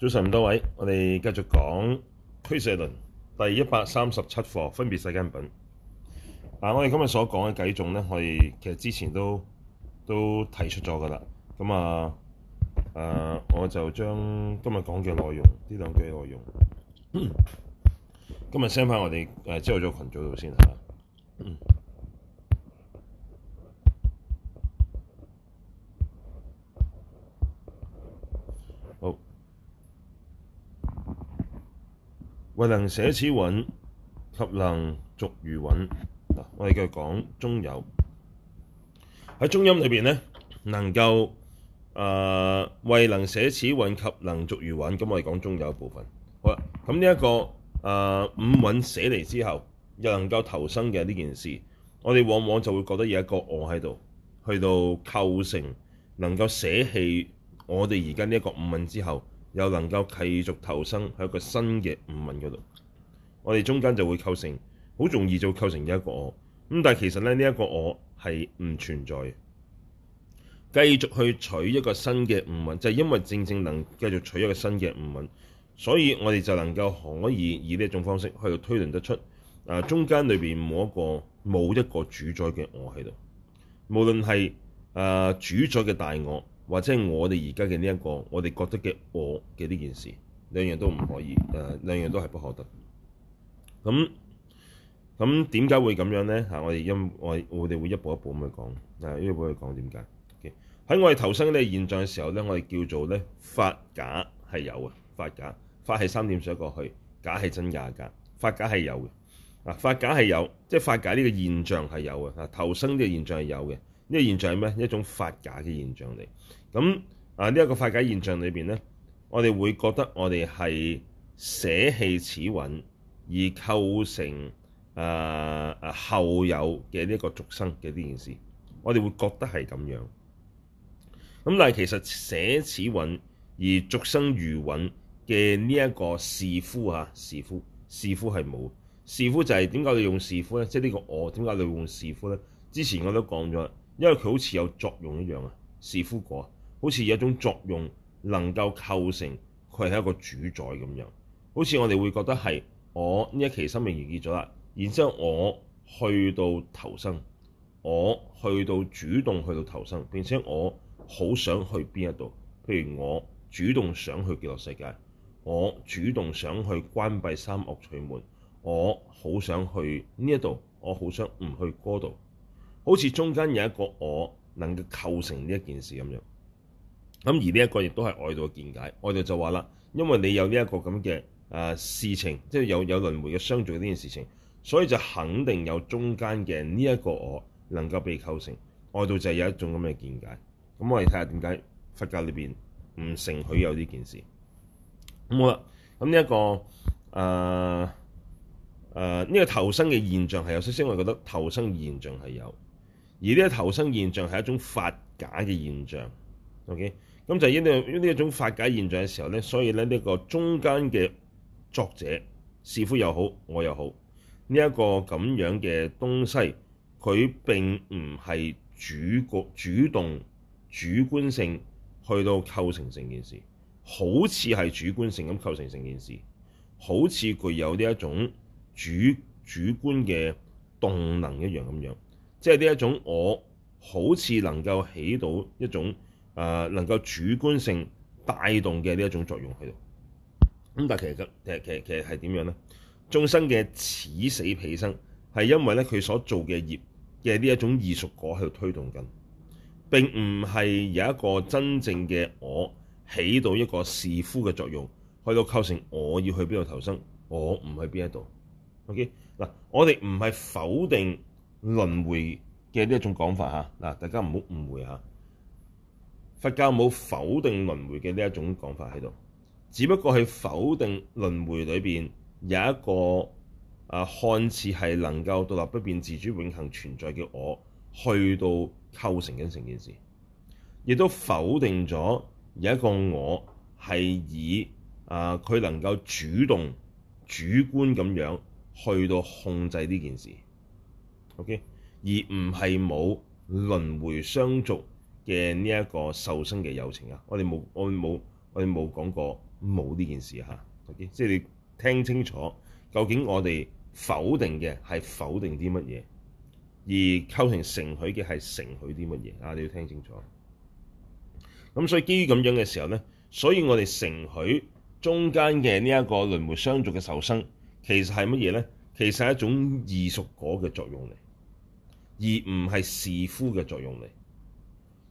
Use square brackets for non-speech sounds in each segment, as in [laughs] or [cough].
早晨，咁多位，我哋繼續講俱舍論第一百三十七課分別世間品。嗱、啊，我哋今日所講嘅幾種咧，我哋其實之前都都提出咗噶啦。咁啊，誒、啊，我就將今日講嘅內容，呢兩句內容，今日 send 翻我哋誒朝頭早群組度先吓。嗯謂能捨此蘊，及能續餘蘊。嗱，我哋繼續講中有，喺中音裏邊咧，能夠誒謂、呃、能捨此蘊及能續餘蘊。咁我哋講中有部分。好啦，咁呢一個誒、呃、五蘊捨嚟之後，又能夠投生嘅呢件事，我哋往往就會覺得有一個我喺度，去到構成能夠捨棄我哋而家呢一個五蘊之後。又能夠繼續投生喺一個新嘅五蘊嗰度，我哋中間就會構成，好容易就構成一個我。咁但係其實咧呢一、這個我係唔存在嘅，繼續去取一個新嘅五蘊，就係因為正正能繼續取一個新嘅五蘊，所以我哋就能夠可以以呢一種方式去推論得出、啊，誒中間裏邊冇一個冇一個主宰嘅我喺度，無論係誒主宰嘅大我。或者係我哋而家嘅呢一個，我哋覺得嘅我嘅呢件事，兩樣都唔可以，誒，兩樣都係不可得。咁咁點解會咁樣咧？吓，我哋一我我哋會一步一步咁去講，啊，一步一步去講點解？喺、okay. 我哋投生呢個現象嘅時候咧，我哋叫做咧法假係有啊。「法假法係三點水過去，假係真假噶，法假係有嘅，啊，法假係有，即係法假呢個現象係有嘅，啊，投生」呢個現象係有嘅，呢、這個現象係咩？一種法假嘅現象嚟。咁啊呢一個化解現象裏邊咧，我哋會覺得我哋係捨棄此蘊而構成誒誒、呃、後有嘅呢一個續生嘅呢件事，我哋會覺得係咁樣。咁但係其實捨此蘊而續生餘蘊嘅呢一個、就士夫呀士夫士夫係冇，士夫就係點解我哋用士夫咧？即係呢個我點解你用士夫咧？之前我都講咗，因為佢好似有作用一樣啊，士夫果。好似有一種作用能夠構成佢係一個主宰咁樣。好似我哋會覺得係我呢一期生命完結咗啦，然之後我去到投生，我去到主動去到投生，並且我好想去邊一度？譬如我主動想去幾多世界，我主動想去關閉三惡趣門，我好想去呢一度，我好想唔去嗰度。好似中間有一個我能夠構成呢一件事咁樣。咁而呢一個亦都係外道嘅見解，外道就話啦，因為你有呢一個咁嘅誒事情，即係有有輪迴嘅相續呢件事情，所以就肯定有中間嘅呢一個我能夠被構成。外道就係有一種咁嘅見解。咁、嗯、我哋睇下點解佛教裏邊唔承許有呢件事。咁好啦，咁呢一個誒誒呢個投生嘅現象係有，首先我覺得投生現象係有，而呢個投生現象係一種法假嘅現象。O.K. 咁就呢呢一種法假現象嘅時候咧，所以咧呢個中間嘅作者，士夫又好，我又好，呢一個咁樣嘅東西，佢並唔係主覺主動主觀性去到構成成件事，好似係主觀性咁構成成件事，好似具有呢一種主主觀嘅動能一樣咁樣，即係呢一種我好似能夠起到一種。誒能夠主觀性帶動嘅呢一種作用喺度，咁但係其實其實其實其實係點樣咧？眾生嘅此死彼生係因為咧佢所做嘅業嘅呢一種異熟果喺度推動緊，並唔係有一個真正嘅我起到一個士夫嘅作用去到構成我要去邊度投生，我唔去邊一度。OK 嗱，我哋唔係否定輪迴嘅呢一種講法嚇，嗱大家唔好誤會嚇。佛教冇否定輪迴嘅呢一種講法喺度，只不過係否定輪迴裏邊有一個啊，看似係能夠獨立不變自主永恆存在嘅我去到構成緊成件事，亦都否定咗有一個我係以，啊佢能夠主動主觀咁樣去到控制呢件事。OK，而唔係冇輪迴相續。嘅呢一個受生嘅友情啊，我哋冇我冇我哋冇講過冇呢件事嚇，OK，即係你聽清楚，究竟我哋否定嘅係否定啲乜嘢，而構成承許嘅係承許啲乜嘢啊？你要聽清楚。咁所以基於咁樣嘅時候咧，所以我哋承許中間嘅呢一個輪迴相續嘅受生，其實係乜嘢咧？其實係一種異熟果嘅作用嚟，而唔係士夫嘅作用嚟。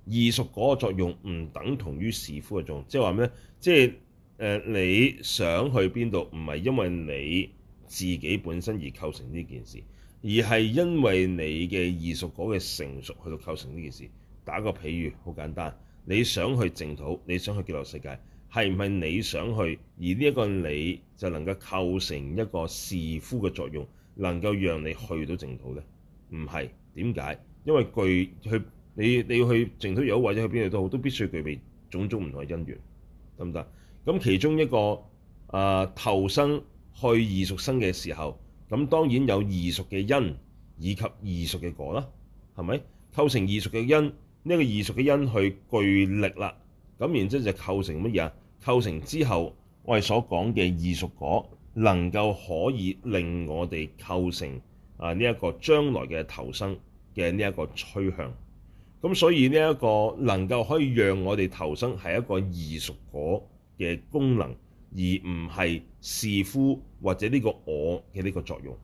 異熟果個作用唔等同於士夫嘅作用，即係話咩？即係誒你想去邊度，唔係因為你自己本身而構成呢件事，而係因為你嘅異熟果嘅成熟去到構成呢件事。打個比喻，好簡單，你想去淨土，你想去極樂世界，係唔係你想去而呢一個你就能夠構成一個士夫嘅作用，能夠讓你去到淨土呢？唔係。點解？因為具去。你你要去淨土有或者去邊度都好，都必須具備種種唔同嘅因緣，得唔得？咁其中一個啊，投生去異熟生嘅時候，咁當然有異熟嘅因以及異熟嘅果啦，係咪構成異熟嘅因？呢、這個異熟嘅因去具力啦，咁然之後就構成乜嘢啊？構成之後，我哋所講嘅異熟果，能夠可以令我哋構成啊呢一、這個將來嘅投生嘅呢一個趨向。咁所以呢一個能夠可以讓我哋投生係一個異熟果嘅功能，而唔係士夫或者呢個我嘅呢個作用。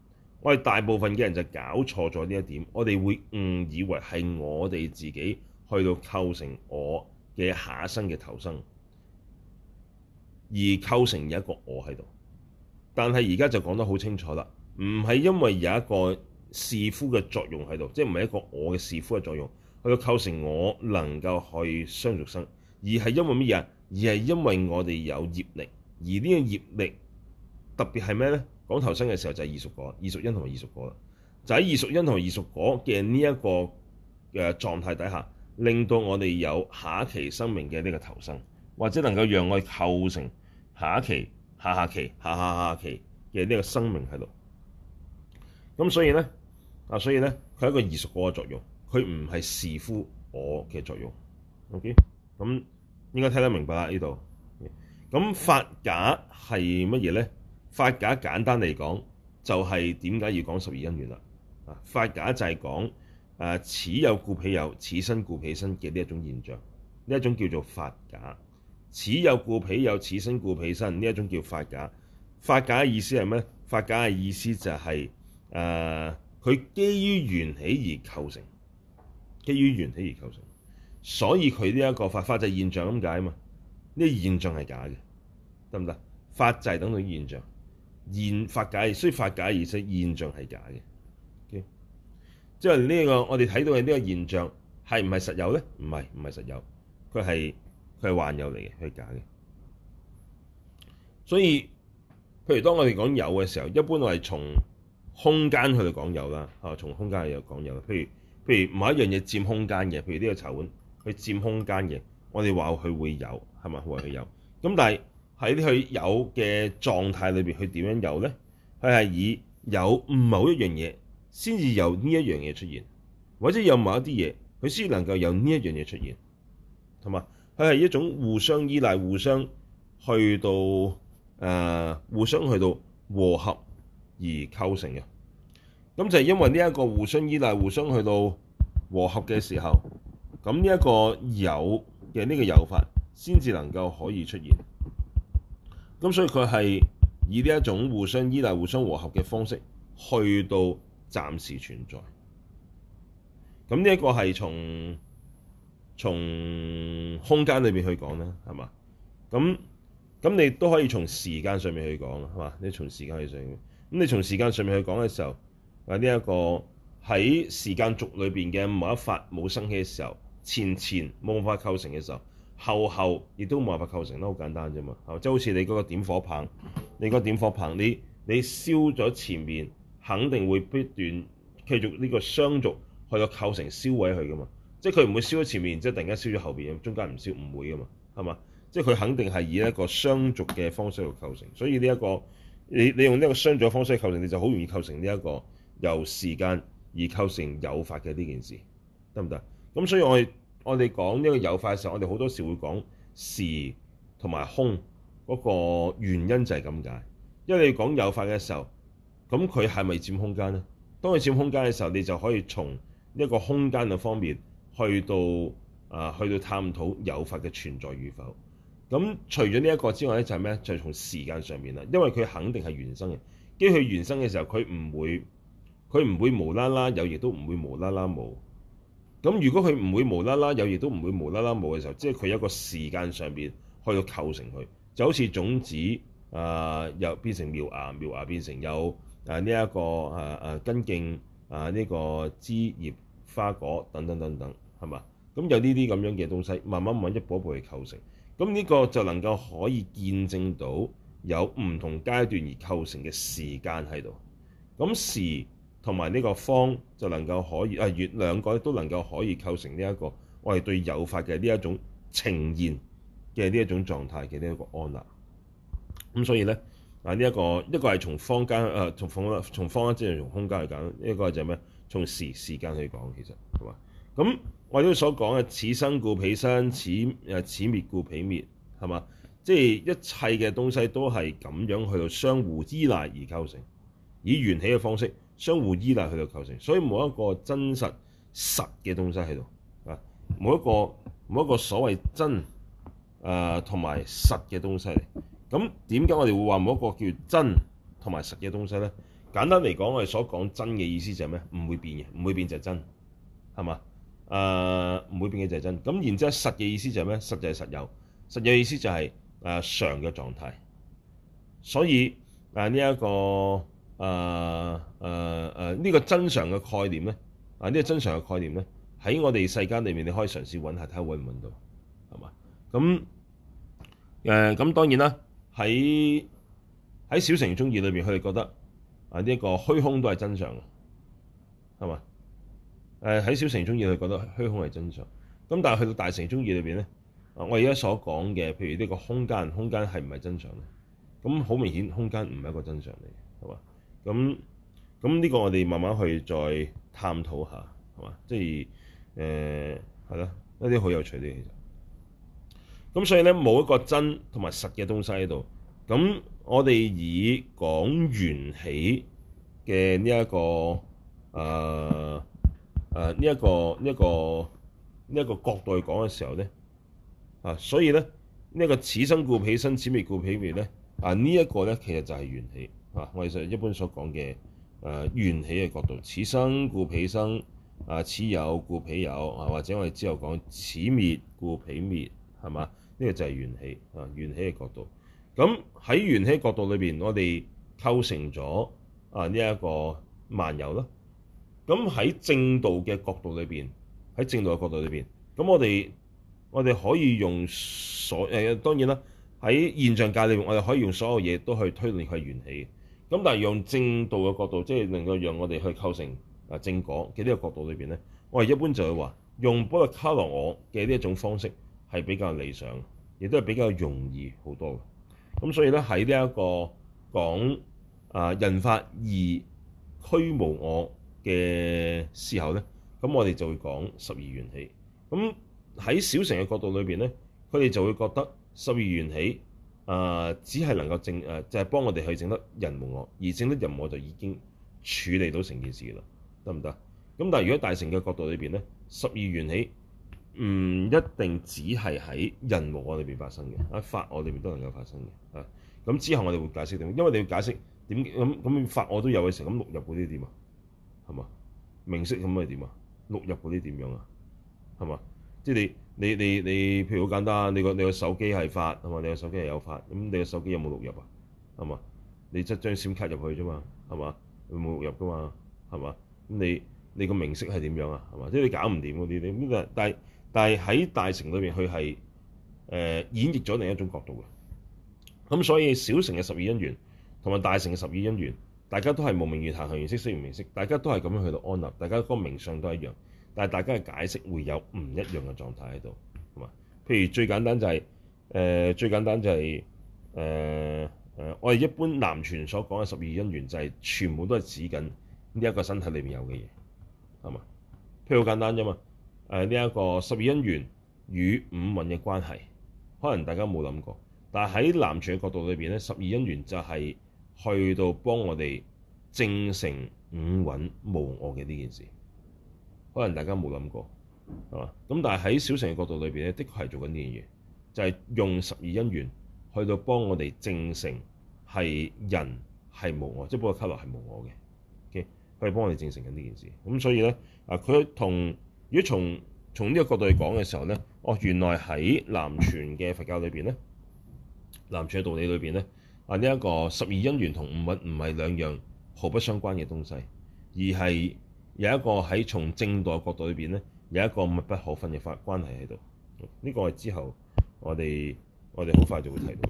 我哋大部分嘅人就搞錯咗呢一點，我哋會誤以為係我哋自己去到構成我嘅下生嘅投生，而構成有一個我喺度。但係而家就講得好清楚啦，唔係因為有一個士夫嘅作用喺度，即係唔係一個我嘅士夫嘅作用。佢個構成我能夠去相續生，而係因為乜嘢啊？而係因為我哋有業力，而呢個業力特別係咩咧？講投生嘅時候就係異熟果、異熟因同異熟果啦。就喺異熟因同異熟果嘅呢一個誒狀態底下，令到我哋有下一期生命嘅呢個投生，或者能夠讓我哋構成下一期、下下期、下下下下期嘅呢個生命喺度。咁所以咧啊，所以咧，佢係一個異熟果嘅作用。佢唔係士夫我嘅作用，OK？咁、嗯、應該聽得明白呢度。咁、嗯嗯、法假係乜嘢咧？法假簡單嚟講，就係點解要講十二因緣啦。啊，法假就係講誒此有故彼有，此生故彼生嘅呢一種現象，呢一種叫做法假。此有故彼有，此生故彼生。呢一種叫法假。法假嘅意思係咩咧？法假嘅意思就係誒佢基於緣起而構成。基於緣起而構成，所以佢呢一個法法，法假現象咁解啊嘛？呢、這個、現象係假嘅，得唔得？法假等等呢現象，現法假雖法假而識現象係假嘅。OK？即係呢、這個我哋睇到嘅呢個現象係唔係實有咧？唔係，唔係實有，佢係佢係幻有嚟嘅，佢係假嘅。所以，譬如當我哋講有嘅時候，一般我係從空間去，去講有啦，啊，從空間去，去講有，譬如。譬如某一樣嘢佔空間嘅，譬如呢個茶碗，佢佔空間嘅，我哋話佢會有，係咪？話佢有？咁但係喺佢有嘅狀態裏邊，佢點樣有咧？佢係以有某一樣嘢先至有呢一樣嘢出現，或者有某一啲嘢，佢先能夠有呢一樣嘢出現，同埋佢係一種互相依賴、互相去到誒、呃、互相去到和合而構成嘅。咁就係因為呢一個互相依賴、互相去到和合嘅時候，咁呢一個有嘅呢、呢個有法，先至能夠可以出現。咁所以佢係以呢一種互相依賴、互相和合嘅方式去到暫時存在。咁呢一個係從從空間裏面去講啦，係嘛？咁咁你都可以從時間上面去講，係嘛？你從時間去上面。咁你從時間上面去講嘅時候。啊！呢一個喺時間軸裏邊嘅某一發冇生氣嘅時候，前前冇法構成嘅時候，後後亦都冇辦法構成啦。好簡單啫嘛，係即係好似你嗰個點火棒，你個點火棒你，你你燒咗前面，肯定會不斷繼續呢個雙軸去構成燒毀佢噶嘛。即係佢唔會燒咗前面，即係突然間燒咗後邊嘅中間唔燒唔會噶嘛，係嘛？即係佢肯定係以一個雙軸嘅方式去構成，所以呢一個你你用呢個雙軸嘅方式構成，你就好容易構成呢一個。由時間而構成有法嘅呢件事得唔得？咁所以我，我我哋講呢個有法嘅時候，我哋好多時會講時同埋空嗰個原因就係咁解。因為你講有法嘅時候，咁佢係咪佔空間呢？當佢佔空間嘅時候，你就可以從一個空間嘅方面去到啊，去到探討有法嘅存在與否。咁除咗呢一個之外呢就係咩？就係從時間上面啦，因為佢肯定係原生嘅。跟住佢原生嘅時候，佢唔會。佢唔會無啦啦有，亦都唔會無啦啦冇。咁如果佢唔會無啦啦有，亦都唔會無啦啦冇嘅時候，即係佢一個時間上邊去構成佢，就好似種子啊，又、呃、變成苗芽，苗芽變成有啊呢一個啊啊根莖，啊呢、呢個枝、啊啊呢個、葉花果等等等等，係嘛？咁有呢啲咁樣嘅東西，慢慢慢一步一步去構成。咁呢個就能夠可以見證到有唔同階段而構成嘅時間喺度。咁時。同埋呢個方就能夠可以啊，越兩個都能夠可以構成呢一個我哋對有法嘅呢一種呈現嘅呢一種狀態嘅呢一個安立咁，所以咧啊，呢、這個、一個一個係從方間啊，從方從，從方即係從空間去講，一、這個就係咩從時時間去講。其實係嘛咁，我哋都所講嘅此生故彼生，此誒此滅故彼滅係嘛，即係、就是、一切嘅東西都係咁樣去到相互依賴而構成，以緣起嘅方式。相互依賴去到構成，所以冇一個真實實嘅東西喺度啊！冇一個冇一個所謂真誒同埋實嘅東西嚟。咁點解我哋會話冇一個叫真同埋實嘅東西咧？簡單嚟講，我哋所講真嘅意思就係咩？唔會變嘅，唔會變就係真，係嘛？誒、呃、唔會變嘅就係真。咁然之後實嘅意思就係咩？實就係實有，實有嘅意思就係、是、誒、呃、常嘅狀態。所以誒呢一個。誒誒誒，呢、呃呃這個真相嘅概念咧，啊、呃、呢、這個真相嘅概念咧，喺我哋世間裏面，你可以嘗試揾下睇下揾唔揾到，係嘛？咁誒咁當然啦，喺喺小乘宗義裏邊，佢哋覺得啊呢、呃這個虛空都係真相嘅，係嘛？誒、呃、喺小乘宗義佢覺得虛空係真相，咁但係去到大乘宗義裏邊咧，啊、呃、我而家所講嘅，譬如呢個空間，空間係唔係真相咧？咁好明顯，空間唔係一個真相嚟嘅，係嘛？咁咁呢個我哋慢慢去再探討下，係嘛？即係誒係咯，一啲好有趣啲其實。咁、嗯、所以咧冇一個真同埋實嘅東西喺度。咁、嗯、我哋以講緣起嘅呢一個、呃、啊啊呢一個呢一、這個呢一、這個這個角度去講嘅時候咧啊，所以咧呢一、這個此生故彼生，此有故彼有咧啊、這個、呢一個咧其實就係緣起。啊！我哋其實一般所講嘅誒緣起嘅角度，此生故彼生啊，此有故彼有啊，或者我哋之後講此滅故彼滅，係嘛？呢、這個就係緣起啊，緣起嘅角度。咁喺緣起角度裏邊，我哋構成咗啊呢一、這個萬有咯。咁喺正道嘅角度裏邊，喺正道嘅角度裏邊，咁我哋我哋可以用所誒、呃、當然啦，喺現象界裏面，我哋可以用所有嘢都去推論佢係緣起咁但係用正道嘅角度，即係能夠讓我哋去構成啊正果嘅呢個角度裏邊咧，我哋一般就會話用補特伽羅我嘅呢一種方式係比較理想，亦都係比較容易好多嘅。咁所以咧喺呢一個講啊人法二虛無我嘅思考咧，咁我哋就會講十二緣起。咁喺小乘嘅角度裏邊咧，佢哋就會覺得十二緣起。誒、呃、只係能夠證誒、呃，就係、是、幫我哋去證得人無我，而證得人無我就已經處理到成件事啦，得唔得？咁但係如果大乘嘅角度裏邊咧，十二緣起唔一定只係喺人無我裏邊發生嘅，喺法我裏邊都能夠發生嘅啊。咁之後我哋會解釋點，因為你要解釋點咁咁法我都有嘅成咁六入嗰啲點啊，係嘛？名色咁係點啊？六入嗰啲點樣啊？係嘛？即係你。你你你，譬如好簡單，你個你個手機係發，係嘛？你個手機係有發，咁你個手機有冇錄入啊？係嘛？你即係將閃卡入去啫嘛？係嘛？佢冇錄入噶嘛？係嘛？咁你你個名色係點樣啊？係嘛？即係你搞唔掂嗰你啲咁，但係但係喺大乘裏邊，佢係誒演繹咗另一種角度嘅。咁所以小乘嘅十二因緣同埋大乘嘅十二因緣，大家都係無明緣行、行緣識、識緣名色，大家都係咁樣去到安立，大家嗰個名相都一樣。但係大家嘅解釋會有唔一樣嘅狀態喺度，同埋，譬如最簡單就係、是，誒、呃、最簡單就係、是，誒、呃、誒，我哋一般南傳所講嘅十二因緣就係全部都係指緊呢一個身體裏面有嘅嘢，係嘛？譬如好簡單啫嘛，誒呢一個十二因緣與五蘊嘅關係，可能大家冇諗過，但係喺南傳嘅角度裏邊咧，十二因緣就係去到幫我哋正成五蘊無我嘅呢件事。可能大家冇諗過係嘛？咁但係喺小乘嘅角度裏邊咧，的確係做緊呢件嘢，就係、是、用十二因緣去到幫我哋證成係人係無我，即、就、係、是、包括卡諾係無我嘅。OK，佢係幫我哋證成緊呢件事。咁所以咧啊，佢同如果從從呢個角度去講嘅時候咧，哦，原來喺南傳嘅佛教裏邊咧，南傳嘅道理裏邊咧啊，呢、這、一個十二因緣同五蘊唔係兩樣毫不相關嘅東西，而係。有一個喺從正代角度裏邊咧，有一個密不可分嘅法關係喺度。呢、這個係之後我哋我哋好快就會提到。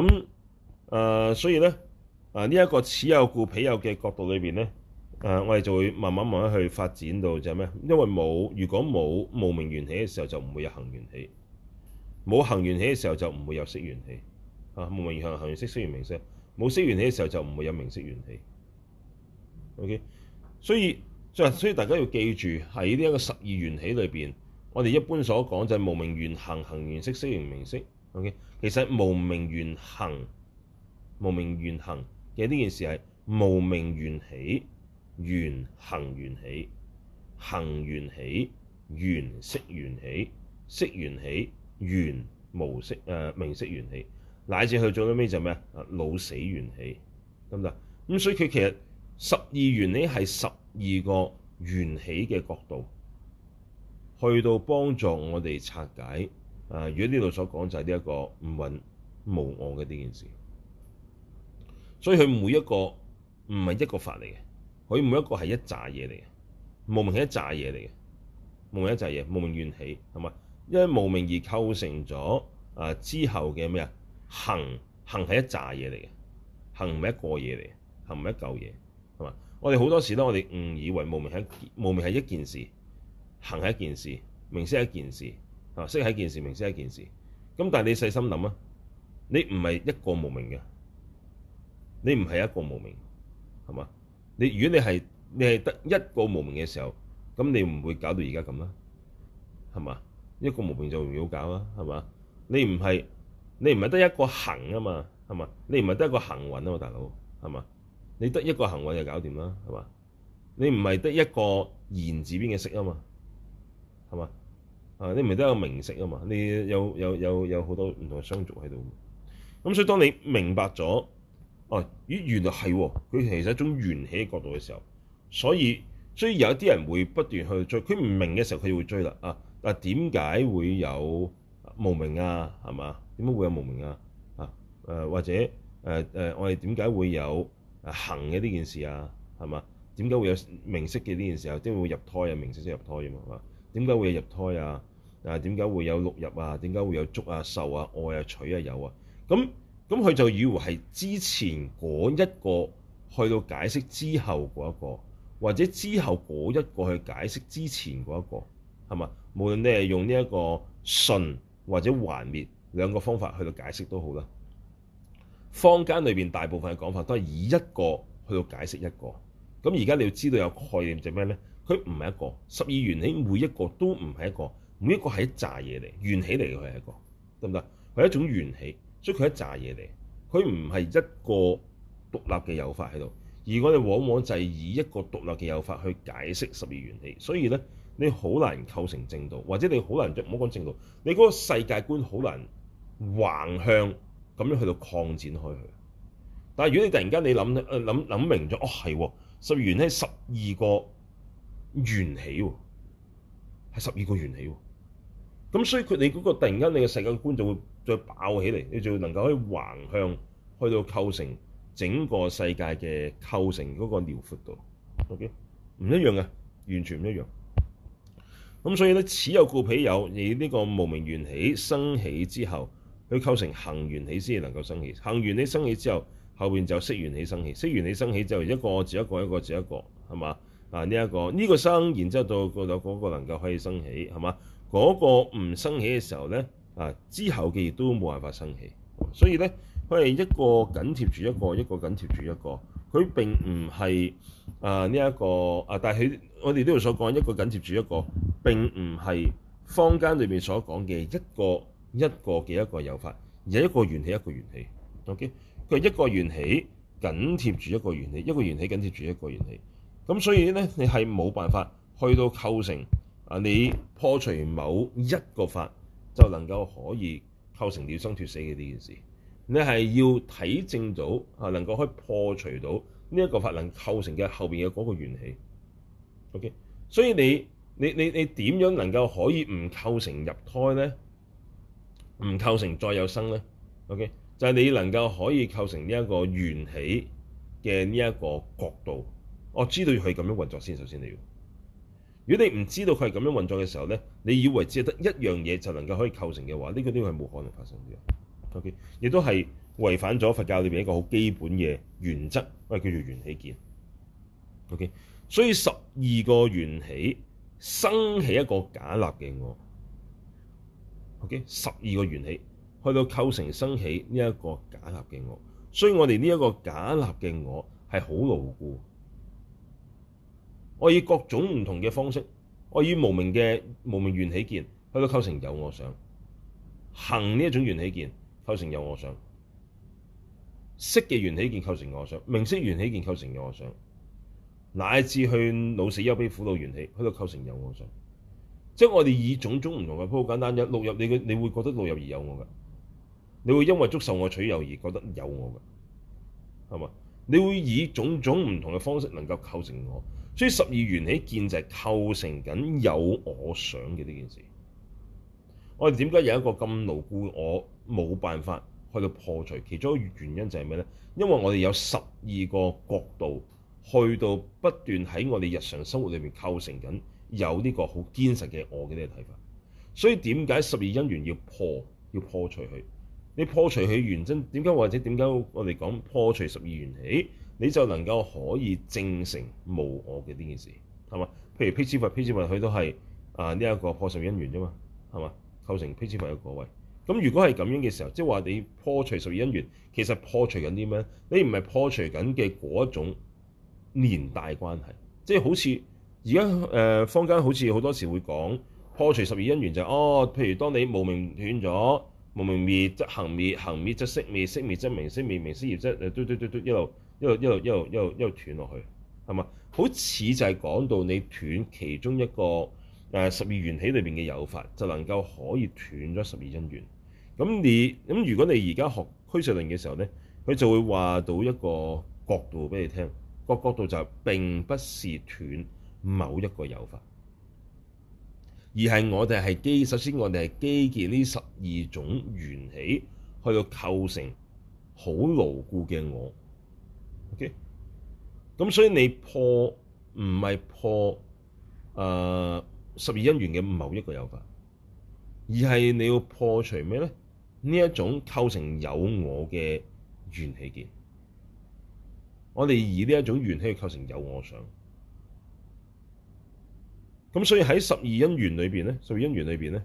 咁、嗯、誒、呃，所以咧誒呢一、呃這個此有故彼有嘅角度裏邊咧，誒、呃、我哋就會慢慢慢慢去發展到就係咩？因為冇如果冇無明緣起嘅時候，就唔會有行緣起；冇行緣起嘅時候，就唔會有識緣起。嚇、啊，無明緣行行緣識，識緣名色；冇識緣起嘅時候，時候就唔會有名色緣起。O.K.，所以就所以大家要記住喺呢一個十二緣起裏邊，我哋一般所講就係無明緣行、行緣識、識緣名色。O.K.，其實無明緣行、無明緣行嘅呢件事係無明緣起、緣行緣起、行緣起、緣識緣起、識緣起、緣無識誒名色緣起，乃至去到最尾就咩啊？老死緣起得唔得？咁所以佢其實。十二原理係十二個緣起嘅角度，去到幫助我哋拆解。啊、呃，如果呢度所講就係呢一個唔允無我嘅呢件事，所以佢每一個唔係一個法嚟嘅，佢每一個係一紮嘢嚟嘅，無明係一紮嘢嚟嘅，無明一紮嘢，無明緣起係嘛？因為無明而構成咗啊、呃、之後嘅咩啊，行行係一紮嘢嚟嘅，行唔係一、一個嘢嚟嘅，行唔係一嚿嘢。我哋好多時咧，我哋誤以為無明係一無明係一件事，行係一件事，名色一件事吓，識係一件事，名、啊、色一件事。咁但係你細心諗啊，你唔係一個無明嘅，你唔係一個無明，係嘛？你如果你係你係得一個無明嘅時候，咁你唔會搞到而家咁啦，係嘛？一個無明就唔易搞啦，係嘛？你唔係你唔係得一個行啊嘛，係嘛？你唔係得一個行運啊嘛，大佬，係嘛？你得一個行為就搞掂啦，係嘛？你唔係得一個言字邊嘅識啊嘛，係嘛？啊，你唔係得一個名色啊嘛？你有有有有好多唔同嘅相續喺度嘅。咁所以當你明白咗，哦、啊，咦，原來係、哦，佢其實係一種緣起嘅角度嘅時候。所以，所以有啲人會不斷去追，佢唔明嘅時候佢會追啦。啊，啊，點解會有無明啊？係嘛？點解會有無明啊？啊，誒或者誒誒、啊啊，我哋點解會有？行嘅呢件事啊，係嘛？點解會有名色嘅呢件事啊？即係會入胎啊，名色先入胎啫、啊、嘛，係嘛？點解會有入胎啊？啊，點解會有六入啊？點解會有觸啊、受啊、愛、呃、啊、取啊、有啊？咁咁佢就以為係之前嗰、那、一個去到解釋之後嗰、那、一個，或者之後嗰一個去解釋之前嗰、那、一個，係嘛？無論你係用呢一個順或者還滅兩個方法去到解釋都好啦。坊間裏邊大部分嘅講法都係以一個去到解釋一個，咁而家你要知道有概念就咩呢？佢唔係一個十二緣起，每一個都唔係一個，每一個係一紮嘢嚟，緣起嚟嘅佢係一個，得唔得？佢係一種緣起，所以佢係一紮嘢嚟，佢唔係一個獨立嘅有法喺度。而我哋往往就係以一個獨立嘅有法去解釋十二緣起。所以呢，你好難構成正道，或者你好難即係唔好講正道，你嗰個世界觀好難橫向。咁樣去到擴展開去，但係如果你突然間你諗誒諗諗明咗，哦，係十二緣，喺十二個緣起喎，係十二個緣起喎，咁所以佢你嗰、那個突然間你嘅世界觀就會再爆起嚟，你就能夠可以橫向去到構成整個世界嘅構成嗰個遼闊度，OK 唔一樣嘅，完全唔一樣。咁所以咧，此有故彼有，你呢個無明緣起生起之後。佢構成行緣起先能夠生起，行緣起生起之後，後邊就識緣起生起，識緣起生起之後，一個接一個，一個接一個，係嘛？啊，呢一個呢個生，然之後到到有嗰個能夠可以生起，係嘛？嗰個唔生起嘅時候咧，啊之後嘅亦都冇辦法生起。所以咧，佢係一個緊貼住一個，一個緊貼住一個。佢並唔係啊呢一個啊，但係我哋呢度所講一個緊貼住一個，並唔係坊間裏面所講嘅一個。一個嘅一個有法，而一個緣起一個緣起，OK，佢一個緣起緊貼住一個緣起，一個緣起緊貼住一個緣起，咁所以咧，你係冇辦法去到構成啊！你破除某一個法，就能夠可以構成了生脫死嘅呢件事。你係要體證到啊，能夠去破除到呢一個法能構成嘅後邊嘅嗰個緣起。OK，所以你你你你點樣能夠可以唔構成入胎咧？唔構成再有生咧，OK，就係你能夠可以構成呢一個緣起嘅呢一個角度，我知道佢係咁樣運作先。首先你要，如果你唔知道佢係咁樣運作嘅時候咧，你以為只係得一樣嘢就能夠可以構成嘅話，呢、這個呢個係冇可能發生嘅。OK，亦都係違反咗佛教裏邊一個好基本嘅原則，喂、哎、叫做緣起見。OK，所以十二個緣起生起一個假立嘅我。O.K. 十二個緣起，去到構成生起呢一個假立嘅我，所以我哋呢一個假立嘅我係好牢固。我以各種唔同嘅方式，我以無明嘅無明緣起見，去到構成有我想，行呢一種緣起見構成有我想，識嘅緣起見構成有我想，名色緣起見構成有我想，乃至去老死憂悲苦惱緣起，去到構成有我想。即係我哋以種種唔同嘅，好簡單嘅，錄入你嘅，你會覺得錄入而有我嘅，你會因為祝受我取友而，而覺得有我嘅，係嘛？你會以種種唔同嘅方式能夠構成我，所以十二緣起見就係構成緊有我想嘅呢件事。我哋點解有一個咁牢固，我冇辦法去到破除？其中一個原因就係咩咧？因為我哋有十二個角度去到不斷喺我哋日常生活裏邊構成緊。有呢個好堅實嘅我嘅呢個睇法，所以點解十二因緣要破，要破除佢？你破除佢原真，點解或者點解我哋講破除十二緣起，你就能夠可以證成無我嘅呢件事，係嘛？譬如辟支佛、辟支佛，佢都係啊呢一、這個破十二因緣啫嘛，係嘛？構成辟支佛嘅個位。咁如果係咁樣嘅時候，即係話你破除十二因緣，其實破除緊啲咩？你唔係破除緊嘅嗰一種連帶關係，即、就、係、是、好似。而家誒，坊間好似好多時會講破除十二因緣就係、是、哦，譬如當你無明斷咗，無明滅則行滅，行滅則識滅，識滅則名色滅、名色滅、名色滅則嘟嘟嘟嘟一路一路一路一路一路一路斷落去係嘛？好似就係講到你斷其中一個誒十二緣起裏邊嘅有法，就能夠可以斷咗十二因緣。咁你咁如果你而家學俱舍論嘅時候咧，佢就會話到一個角度俾你聽，個角度就並不是斷某一個有法，而係我哋係基，首先，我哋係基結呢十二種緣起去到構成好牢固嘅我。OK，咁所以你破唔係破誒十二因緣嘅某一個有法，而係你要破除咩呢？呢一種構成有我嘅緣起結，我哋以呢一種緣起去構成有我想。咁所以喺十二因緣裏邊咧，十二因緣裏邊咧，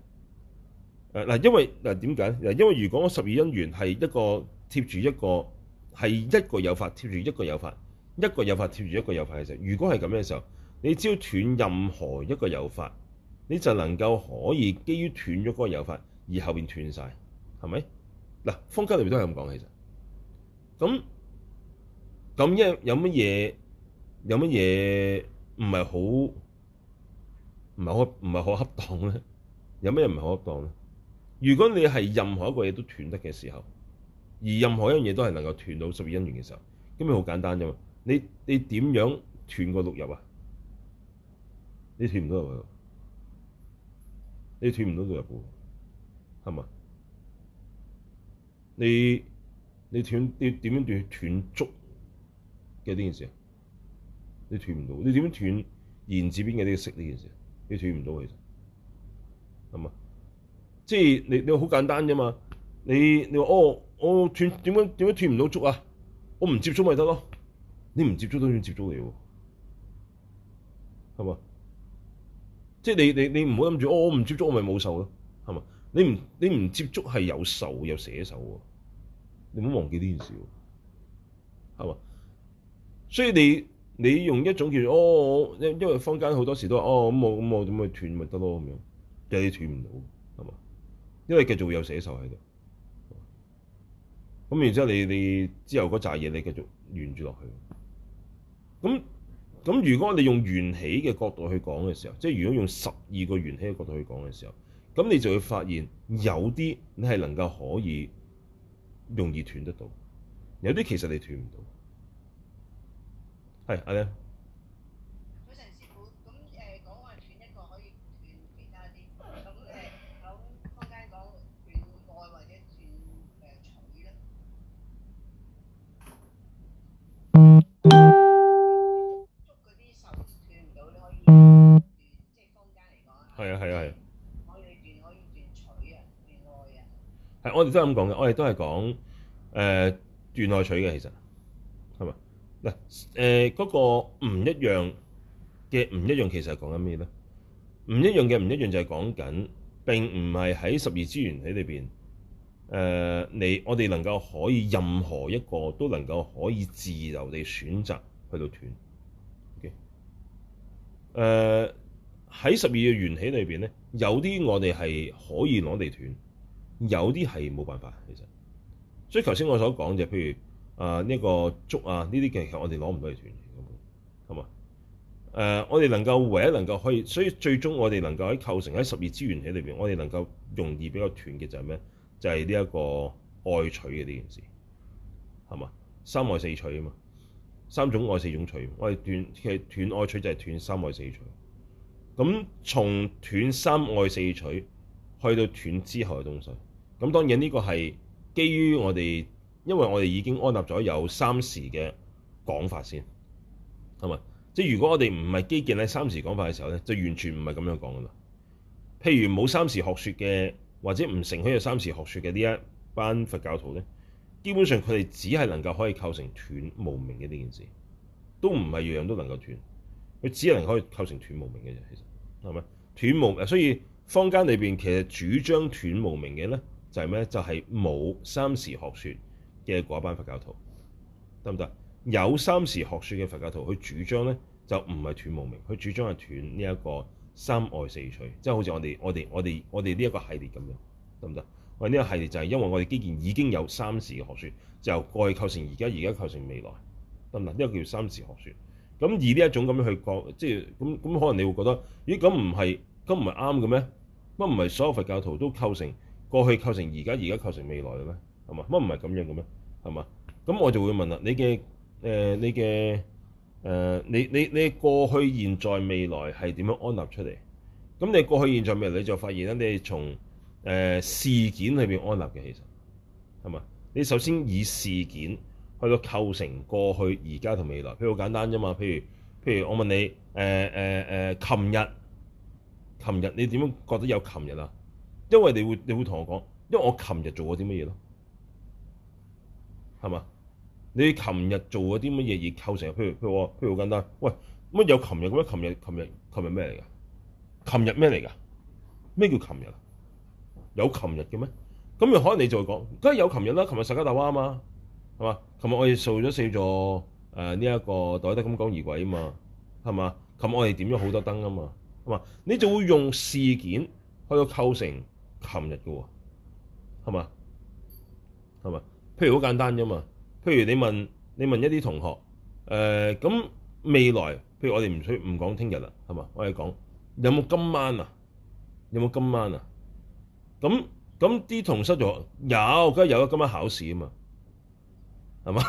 誒嗱，因為嗱點解嗱？因為如果十二因緣係一個貼住一個，係一個有法貼住一個有法，一個有法貼住一個有法嘅時候，如果係咁嘅時候，你只要斷任何一個有法，你就能夠可以基於斷咗嗰個有法，而後邊斷晒，係咪？嗱，方吉裏邊都係咁講，其實咁咁一有乜嘢有乜嘢唔係好？唔係好唔係好恰當咧？有咩唔係好恰當咧？如果你係任何一個嘢都斷得嘅時候，而任何一樣嘢都係能夠斷到十二因緣嘅時候，咁咪好簡單啫嘛？你你點樣斷個六入啊？你斷唔到入嘅，你斷唔到六入嘅，係咪？你你斷你點樣斷斷足嘅呢件事啊？你斷唔到，你點樣斷言字邊嘅呢個識呢件事你斷唔到其實係嘛？即係你你好簡單啫嘛？你你話哦，我斷點樣點樣斷唔到足啊？我唔接觸咪得咯？你唔接觸都算接觸你喎，係嘛？即係你你你唔好諗住我我唔接觸我咪冇受咯，係嘛？你唔你唔接觸係有受有捨受喎，你唔好忘記呢件事喎，係嘛？所以你。你用一種叫做哦，因因為坊間好多時都話哦咁、哦、我咁我點咪斷咪得咯咁樣，但係你斷唔到，係嘛？因為繼續有寫受喺度，咁、嗯嗯、然之後你你之後嗰扎嘢你繼續沿住落去，咁咁如果我哋用緣起嘅角度去講嘅時候，即係如果用十二個緣起嘅角度去講嘅時候，咁你就會發現有啲你係能夠可以容易斷得到，有啲其實你斷唔到。係，阿靚。許陳師傅，咁誒講話斷一個可以斷其他啲，咁誒喺坊間講斷外或者斷誒取咧，捉嗰啲手斷唔到咧可以斷，即係坊間嚟講啊。係啊，係啊，係。可以斷，可以斷取啊，斷外啊。係、啊啊啊啊啊啊，我哋都係咁講嘅，我哋都係講誒斷內取嘅，其實。嗱，誒嗰個唔一樣嘅唔一樣，其實講緊咩咧？唔一樣嘅唔一樣就係講緊並唔係喺十二支緣起裏邊，誒、呃、你我哋能夠可以任何一個都能夠可以自由地選擇去到斷。O K，喺十二個緣起裏邊咧，有啲我哋係可以攞嚟斷，有啲係冇辦法。其實，所以頭先我所講嘅，譬如。啊呢、這個足啊呢啲其實我哋攞唔到嚟斷嘅，係嘛、啊？我哋能夠唯一能夠可以，所以最終我哋能夠喺構成喺十二支緣起裏邊，我哋能夠容易比較斷嘅就係咩？就係呢一個愛取嘅呢件事，係嘛？三愛四取啊嘛，三種愛四種取，我哋斷其實斷愛取就係斷三愛四取。咁從斷三愛四取去到斷之後嘅東西，咁當然呢個係基於我哋。因為我哋已經安立咗有三時嘅講法先係咪？即係如果我哋唔係基建喺三時講法嘅時候咧，就完全唔係咁樣講㗎啦。譬如冇三時學説嘅，或者唔承許有三時學説嘅呢一班佛教徒咧，基本上佢哋只係能夠可以構成斷無明嘅呢件事，都唔係樣樣都能夠斷，佢只能夠構成斷無明嘅啫。其實係咪斷無？所以坊間裏邊其實主張斷無明嘅咧，就係咩？就係冇三時學説。嘅嗰一班佛教徒得唔得？有三時學説嘅佛教徒，佢主張咧就唔係斷無明，佢主張係斷呢一個三愛四取，即係好似我哋我哋我哋我哋呢一個系列咁樣得唔得？我哋呢一個系列就係因為我哋既然已經有三時嘅學説，就過去構成而家，而家構成未來，得唔得？呢個叫三時學説。咁以呢一種咁樣去講，即係咁咁，可能你會覺得咦，咁唔係咁唔係啱嘅咩？乜唔係所有佛教徒都構成過去構成而家，而家構成未來嘅咩？係嘛？乜唔係咁樣嘅咩？係嘛？咁我就會問啦，你嘅誒、呃，你嘅誒、呃，你你你過去、現在、未來係點樣安立出嚟？咁你過去、現在、未來，你就發現啦，你係從誒事件裏邊安立嘅，其實係嘛？你首先以事件去到構成過去、而家同未來，譬如好簡單啫嘛。譬如譬如我問你誒誒誒，琴日琴日你點樣覺得有琴日啊？因為你會你會同我講，因為我琴日做過啲乜嘢咯。係嘛？你琴日做過啲乜嘢而構成？譬如譬如我譬如好簡單，喂，乜有琴日嘅咩？琴日琴日琴日咩嚟㗎？琴日咩嚟㗎？咩叫琴日啊？有琴日嘅咩？咁又可能你就會講，梗係有琴日啦，琴日十階大灣啊嘛，係嘛？琴日我哋掃咗四座誒呢一個袋得金剛儀軌啊嘛，係嘛？琴日我哋點咗好多燈啊嘛，係嘛？你就會用事件去到構成琴日㗎喎，係嘛？係嘛？譬如好簡單啫嘛，譬如你問你問一啲同學，誒咁未來譬如我哋唔需唔講聽日啦，係嘛？我哋講有冇今晚啊？有冇今晚啊？咁咁啲同室就有，梗家係有啊，今晚考試啊嘛，係嘛？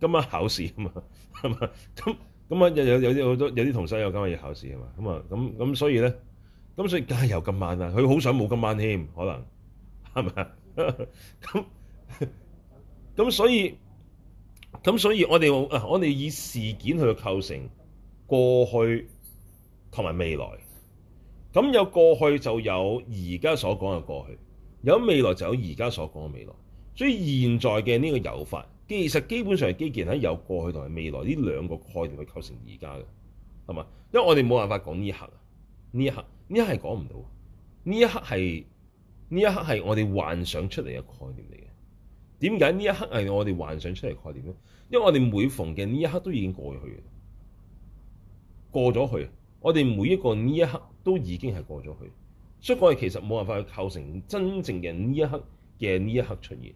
今晚考試啊嘛，係嘛？咁咁啊，有有有好多有啲同室有今晚要考試啊嘛，咁啊咁咁所以咧，咁所以梗加係有今晚啊，佢好想冇今晚添，可能係咪啊？咁。咁 [laughs] 所以，咁所以我哋我哋以事件去構成過去同埋未來。咁有過去就有而家所講嘅過去，有未來就有而家所講嘅未來。所以現在嘅呢個有法，其實基本上係基建喺有過去同埋未來呢兩個概念去構成而家嘅，係嘛？因為我哋冇辦法講呢一刻，呢一刻呢一刻講唔到，呢一刻係呢一刻係我哋幻想出嚟嘅概念嚟嘅。點解呢一刻係我哋幻想出嚟概念咧？因為我哋每逢嘅呢一刻都已經過去嘅，過咗去。我哋每一個呢一刻都已經係過咗去，所以我哋其實冇辦法去構成真正嘅呢一刻嘅呢一刻出現。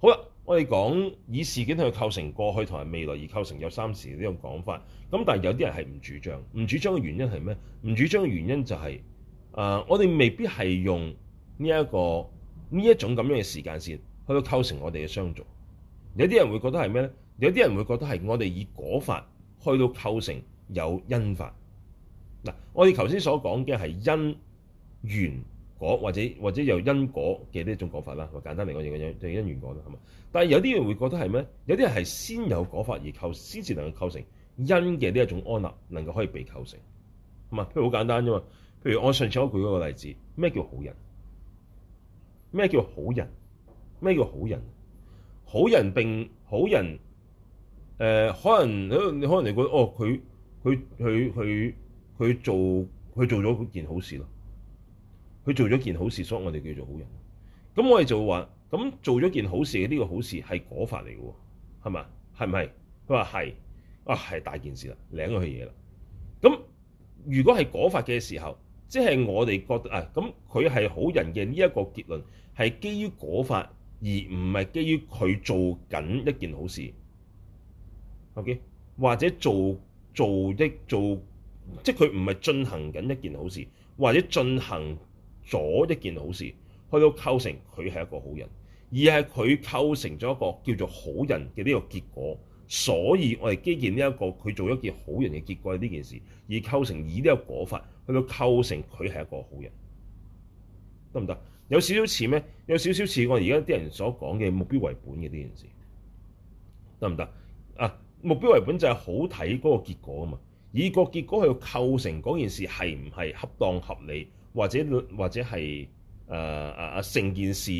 好啦，我哋講以事件去構成過去同埋未來而構成有三時呢種講法。咁但係有啲人係唔主張，唔主張嘅原因係咩？唔主張嘅原因就係誒，我哋未必係用呢一個呢一種咁樣嘅時間先。去到構成我哋嘅相造，有啲人會覺得係咩咧？有啲人會覺得係我哋以果法去到構成有因法嗱。我哋頭先所講嘅係因緣果，或者或者有因果嘅呢一種講法啦。或簡單嚟講，我認為有對因緣果啦，係嘛？但係有啲人會覺得係咩？有啲人係先有果法而構，先至能夠構成因嘅呢一種安立，能夠可以被構成。咁啊，譬如好簡單啫嘛。譬如我上次我舉嗰個例子，咩叫好人？咩叫好人？咩叫好人？好人並好人，誒、呃、可能、呃、你可能你覺得哦，佢佢佢佢佢做佢做咗件好事咯，佢做咗件好事，所以我哋叫做好人。咁我哋就話咁做咗件好事，嘅、這、呢個好事係果法嚟嘅喎，係咪？係唔係？佢話係，啊，係大件事啦，領佢嘢啦。咁如果係果法嘅時候，即係我哋覺得啊，咁佢係好人嘅呢一個結論係基於果法。而唔係基於佢做緊一件好事，OK？或者做做一做，即係佢唔係進行緊一件好事，或者進行咗一件好事，去到構成佢係一個好人，而係佢構成咗一個叫做好人嘅呢個結果。所以，我哋基建呢一個佢做一件好人嘅結果呢件事，而構成以呢個果法去到構成佢係一個好人，得唔得？有少少似咩？有少少似我而家啲人所講嘅目標為本嘅呢件事得唔得啊？目標為本就係好睇嗰個結果啊嘛。以個結果去構成嗰件事係唔係恰當合理，或者或者係誒誒誒成件事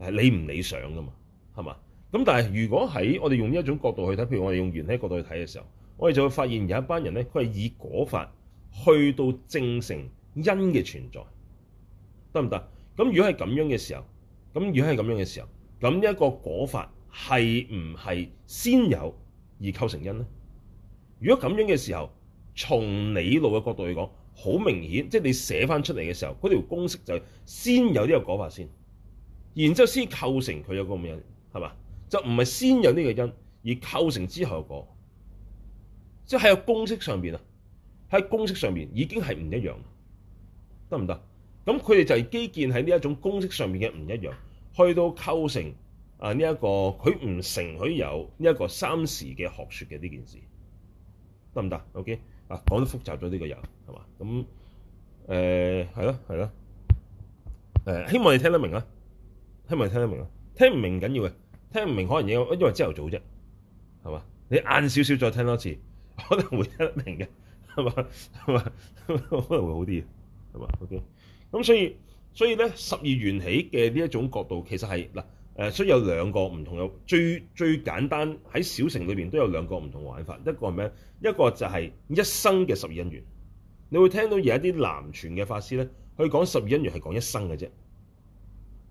係理唔理想㗎嘛？係嘛？咁但係如果喺我哋用呢一種角度去睇，譬如我哋用原呢角度去睇嘅時候，我哋就會發現有一班人咧，佢係以果法去到正成因嘅存在，得唔得？咁如果係咁樣嘅時候，咁如果係咁樣嘅時候，咁呢一個果法係唔係先有而構成因咧？如果咁樣嘅時候，從你路嘅角度去講，好明顯，即係你寫翻出嚟嘅時候，嗰條公式就係先有呢個果法先，然之後先構成佢有個咁樣，係嘛？就唔係先有呢個因而構成之後果，即係喺個公式上邊啊，喺公式上邊已經係唔一樣，得唔得？咁佢哋就係基建喺呢一種公式上面嘅唔一樣，去到構成啊呢一個佢唔承許有呢一個三時嘅學説嘅呢件事得唔得？OK 啊講得複雜咗呢個人係嘛咁誒係咯係咯誒希望你聽得明啊，希望你聽得明啊，聽唔明緊要嘅，聽唔明可能因，因為朝頭早啫係嘛，你晏少少再聽多次可能會聽得明嘅係嘛係嘛可能會好啲嘅係嘛 OK。咁所以所以咧，十二緣起嘅呢一種角度其實係嗱誒，所以有兩個唔同。有最最簡單喺小乘裏邊都有兩個唔同玩法。一個係咩？一個就係一生嘅十二因緣。你會聽到有一啲南傳嘅法師咧，佢講十二因緣係講一生嘅啫。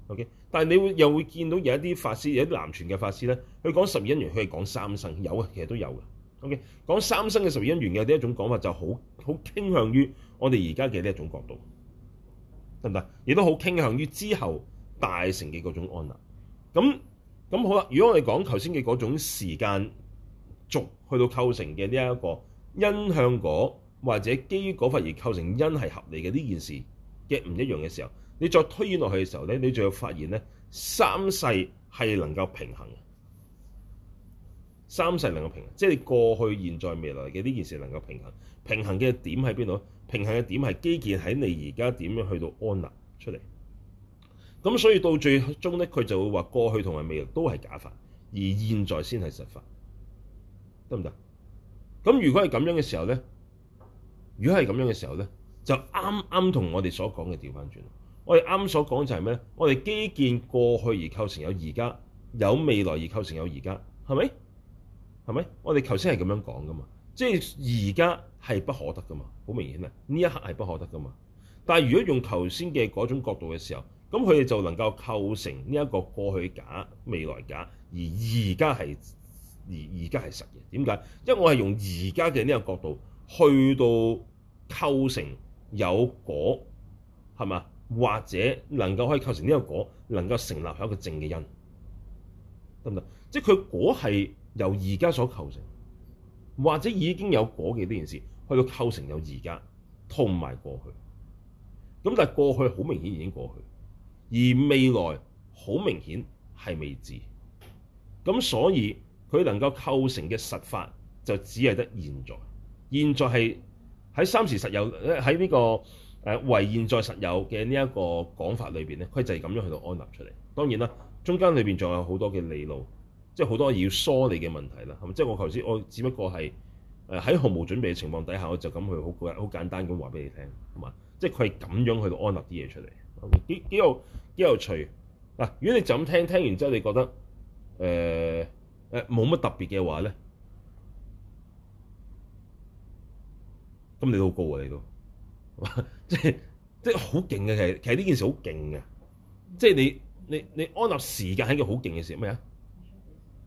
OK，但係你會又會見到有一啲法師，有一啲南傳嘅法師咧，佢講十二因緣，佢係講三生有啊，其實都有嘅。OK，講三生嘅十二因緣嘅呢一種講法就好好傾向於我哋而家嘅呢一種角度。得唔得？亦都好傾向於之後大成嘅嗰種安樂。咁咁好啦。如果我哋講頭先嘅嗰種時間逐去到構成嘅呢一個因向果，或者基於果法而構成因係合理嘅呢件事嘅唔一樣嘅時候，你再推演落去嘅時候咧，你就要發現咧，三世係能夠平衡嘅，三世能夠平衡，即係你過去、現在、未來嘅呢件事能夠平衡。平衡嘅點喺邊度啊？平衡嘅點係基建喺你而家點樣去到安立出嚟，咁所以到最終咧，佢就會話過去同埋未來都係假法，而現在先係實法，得唔得？咁如果係咁樣嘅時候咧，如果係咁樣嘅時候咧，就啱啱同我哋所講嘅調翻轉。我哋啱所講就係咩？我哋基建過去而構成有而家，有未來而構成有而家，係咪？係咪？我哋頭先係咁樣講噶嘛？即係而家係不可得㗎嘛，好明顯啊！呢一刻係不可得㗎嘛。但係如果用頭先嘅嗰種角度嘅時候，咁佢哋就能夠構成呢一個過去假、未來假，而而家係而而家係實嘅。點解？因為我係用而家嘅呢個角度去到構成有果係嘛，或者能夠可以構,構成呢個果，能夠成立喺一個正嘅因，得唔得？即係佢果係由而家所構成。或者已經有過嘅呢件事，去到構成有而家同埋過去。咁但係過去好明顯已經過去，而未來好明顯係未知。咁所以佢能夠構成嘅實法就只係得現在。現在係喺三時實有喺呢、這個誒、呃、為現在實有嘅呢一個講法裏邊咧，佢就係咁樣去到安立出嚟。當然啦，中間裏邊仲有好多嘅理路。即係好多要梳你嘅問題啦，係咪？即係我頭先，我只不過係誒喺毫無準備嘅情況底下，我就咁去好好簡單咁話俾你聽，係嘛？即係佢係咁樣去到安立啲嘢出嚟，幾幾有幾有趣嗱、啊。如果你就咁聽，聽完之後你覺得誒誒冇乜特別嘅話咧，咁你都好高啊！你都，即係即係好勁嘅，其實其實呢件事好勁嘅，即係你你你安立時間係一件好勁嘅事，咩啊？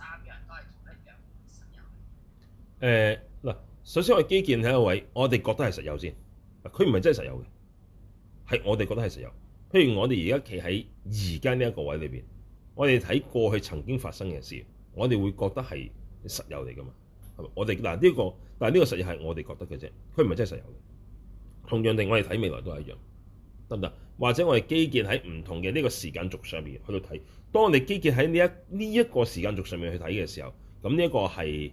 三樣都係同一樣實有。誒嗱、呃，首先我基建喺一個位，我哋覺得係實有先。佢唔係真係實有嘅，係我哋覺得係實有。譬如我哋而家企喺而家呢一個位裏邊，我哋睇過去曾經發生嘅事，我哋會覺得係實有嚟噶嘛？係咪？我哋嗱呢個，但係呢個實有係我哋覺得嘅啫，佢唔係真係實有嘅，同樣地，我哋睇未來都係一樣，得唔得？或者我哋基建喺唔同嘅呢個時間軸上面去到睇，當我哋基建喺呢一呢一個時間軸上面去睇嘅時候，咁呢一個係誒、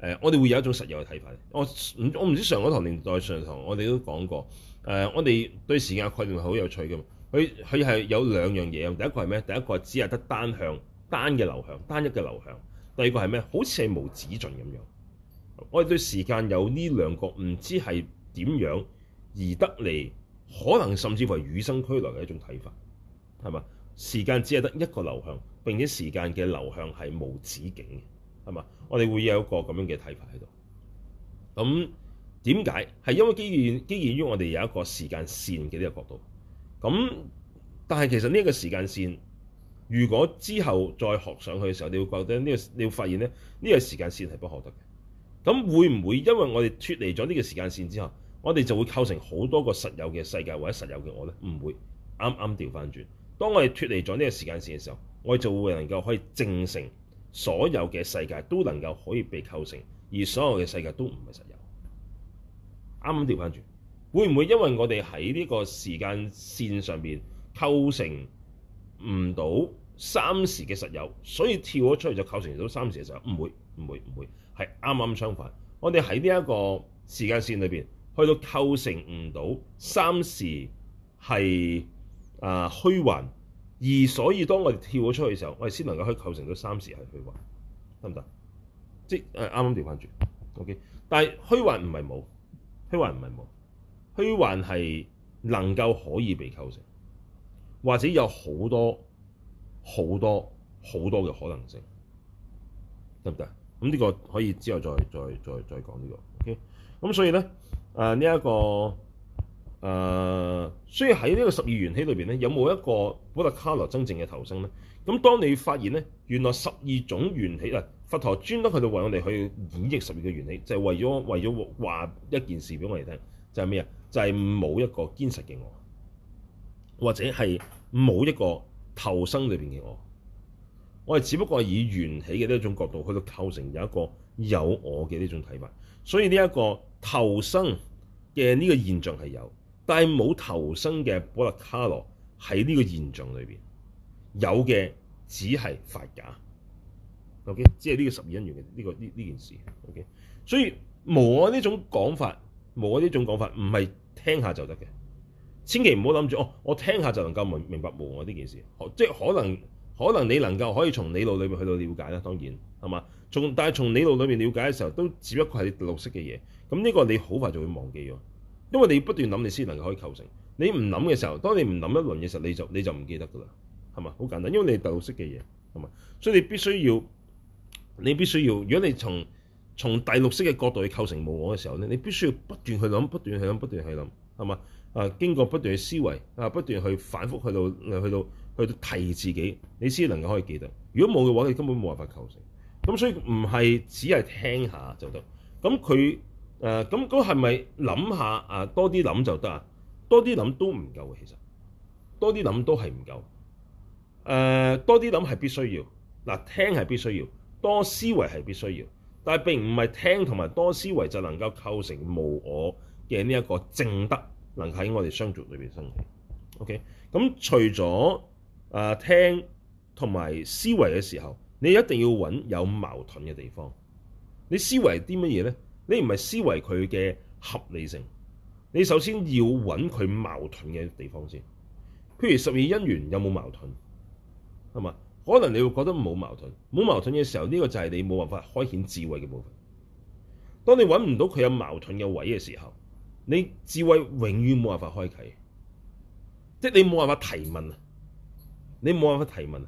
呃，我哋會有一種實有嘅睇法。我唔我唔知上個堂年代上堂年代我、呃，我哋都講過誒，我哋對時間概念係好有趣嘅。佢佢係有兩樣嘢，第一個係咩？第一個係只係得單向單嘅流向，單一嘅流向。第二個係咩？好似係無止盡咁樣。我哋對時間有呢兩個唔知係點樣而得嚟。可能甚至乎係與生俱來嘅一種睇法，係嘛？時間只係得一個流向，並且時間嘅流向係無止境嘅，係嘛？我哋會有一個咁樣嘅睇法喺度。咁點解？係因為基於基於於我哋有一個時間線嘅呢個角度。咁但係其實呢個時間線，如果之後再學上去嘅時候，你會覺得呢個，你會發現咧，呢個時間線係不可得嘅。咁會唔會因為我哋脫離咗呢個時間線之後？我哋就會構成好多個實有嘅世界，或者實有嘅我呢，唔會啱啱調翻轉。當我哋脱離咗呢個時間線嘅時候，我哋就會能夠可以證成所有嘅世界，都能夠可以被構成，而所有嘅世界都唔係實有。啱啱調翻轉，會唔會因為我哋喺呢個時間線上面構成唔到三時嘅實有，所以跳咗出去就構成到三時嘅實有？唔會唔會唔會係啱啱相反。我哋喺呢一個時間線裏邊。去到構成唔到三時係啊、呃、虛幻，而所以當我哋跳咗出去嘅時候，我哋先能夠去構成到三時係虛幻，得唔得？即係誒啱啱調翻轉，OK。但係虛幻唔係冇，虛幻唔係冇，虛幻係能夠可以被構成，或者有好多好多好多嘅可能性，得唔得？咁、嗯、呢個可以之後再再再再講呢個 OK。咁所以咧。誒呢一個誒、呃，所以喺呢個十二緣起裏邊咧，有冇一個補特伽羅真正嘅投生咧？咁當你發現咧，原來十二種緣起啊，佛陀專登去到為我哋去演繹十二嘅緣起，就係、是、為咗為咗話一件事俾我哋聽，就係咩啊？就係、是、冇一個堅實嘅我，或者係冇一個投生裏邊嘅我，我哋只不過係以緣起嘅呢一種角度去到構成有一個有我嘅呢種睇法，所以呢、這、一個。投生嘅呢個現象係有，但係冇投生嘅補特伽羅喺呢個現象裏邊有嘅，只係法假。O K，即係呢個十二因緣嘅呢個呢呢件事。O、okay? K，所以無我呢種講法，無我呢種講法唔係聽下就得嘅，千祈唔好諗住哦，我聽下就能夠明明白無我呢件事，即係可能。可能你能夠可以從你腦裏面去到了解啦，當然係嘛？從但係從你腦裏面了解嘅時候，都只不過係第六識嘅嘢。咁呢個你好快就會忘記咗，因為你不斷諗你先能夠可以構成。你唔諗嘅時候，當你唔諗一輪嘅時，時候，你就你就唔記得㗎啦，係嘛？好簡單，因為你係第六識嘅嘢，係嘛？所以你必須要，你必須要。如果你從從第六識嘅角度去構成無我嘅時候咧，你必須要不斷去諗，不斷去諗，不斷去諗，係嘛？啊，經過不斷嘅思維，啊，不斷去反覆去到去到。去到去提自己，你先能夠可以記得。如果冇嘅話，你根本冇辦法構成。咁所以唔係只係聽下就得。咁佢誒咁嗰係咪諗下啊？多啲諗就得啊？多啲諗都唔夠嘅，其實多啲諗都係唔夠誒。多啲諗係必須要嗱，聽係必須要，多思維係必須要，但係並唔係聽同埋多思維就能夠構成無我嘅呢一個正德，能喺我哋相續裏邊生起。OK，咁除咗。啊，聽同埋思維嘅時候，你一定要揾有矛盾嘅地方。你思維啲乜嘢咧？你唔係思維佢嘅合理性。你首先要揾佢矛盾嘅地方先。譬如十二因緣有冇矛盾？係嘛？可能你會覺得冇矛盾。冇矛盾嘅時候，呢、這個就係你冇辦法開顯智慧嘅部分。當你揾唔到佢有矛盾嘅位嘅時候，你智慧永遠冇辦法開啟。即係你冇辦法提問啊！你冇辦法提問，